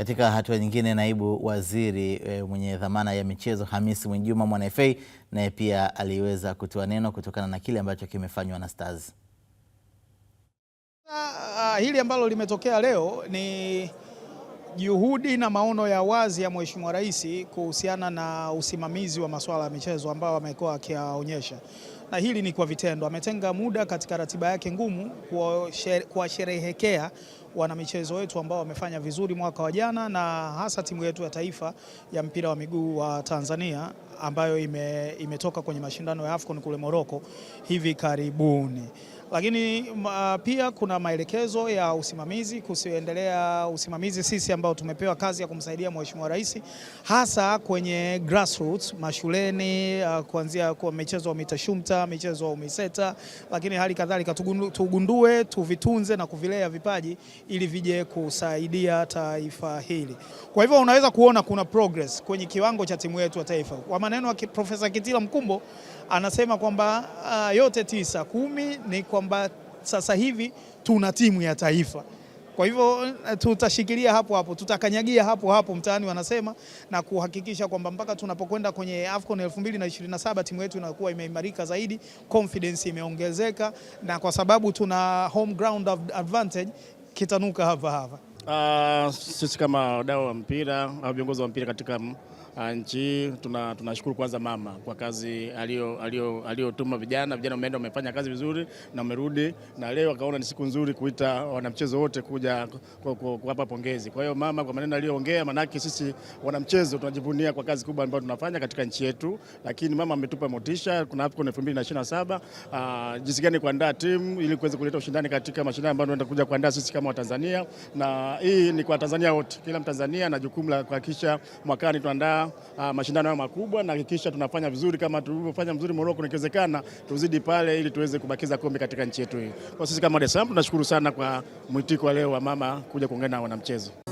Katika hatua nyingine, naibu waziri e, mwenye dhamana ya michezo Hamisi Mwinjuma Mwana FA naye pia aliweza kutoa neno kutokana na kile ambacho kimefanywa na Stars. Uh, hili ambalo limetokea leo ni juhudi na maono ya wazi ya Mheshimiwa Rais kuhusiana na usimamizi wa masuala ya michezo ambao amekuwa akiyaonyesha, na hili ni kwa vitendo. Ametenga muda katika ratiba yake ngumu kuwasherehekea wanamichezo wetu ambao wamefanya vizuri mwaka wa jana na hasa timu yetu ya taifa ya mpira wa miguu wa Tanzania ambayo ime, imetoka kwenye mashindano ya AFCON kule Morocco hivi karibuni. Lakini uh, pia kuna maelekezo ya usimamizi kusiendelea usimamizi sisi ambao tumepewa kazi ya kumsaidia Mheshimiwa Rais hasa kwenye grassroots mashuleni, uh, kuanzia kwa michezo wa mitashumta, michezo wa umiseta, lakini hali kadhalika tugundue, tugundue tuvitunze na kuvilea vipaji ili vije kusaidia taifa hili. Kwa hivyo unaweza kuona kuna progress kwenye kiwango cha timu yetu ya taifa. Kwa maneno ya Profesa Kitila Mkumbo anasema kwamba uh, yote tisa kumi ni kwamba sasa hivi tuna timu ya taifa. Kwa hivyo eh, tutashikilia hapo hapo, tutakanyagia hapo hapo mtaani wanasema, na kuhakikisha kwamba mpaka tunapokwenda kwenye AFCON 2027 timu yetu inakuwa imeimarika zaidi, confidence imeongezeka, na kwa sababu tuna home ground advantage, kitanuka hapa hapa. Uh, sisi kama wadau wa mpira au viongozi wa mpira katika Ah, nchi hii tuna, tunashukuru kwanza mama kwa kazi aliyotuma vijana. Vijana wameenda wamefanya kazi vizuri na wamerudi, na leo akaona ni siku nzuri kuita wanamchezo wote kuja kuwapa pongezi. Kwa hiyo mama, kwa maneno aliyoongea, manake sisi wanamchezo tunajivunia kwa kazi kubwa ambayo tunafanya katika nchi yetu, lakini mama ametupa motisha. Kuna AFCON 2027 ah, jinsi gani kuandaa timu ili kuweza kuleta ushindani katika mashindano ambayo tunaenda kuja kuandaa sisi kama Watanzania, na hii ni kwa Tanzania wote, kila Mtanzania na jukumu la kuhakikisha mwakani tuandaa uh, mashindano hayo makubwa na hakikisha tunafanya vizuri kama tulivyofanya vizuri Morocco, nikiwezekana tuzidi pale ili tuweze kubakiza kombe katika nchi yetu hii. Kwa sisi kama Dar es Salaam tunashukuru sana kwa mwitiko wa leo wa mama kuja kuongea na wanamchezo.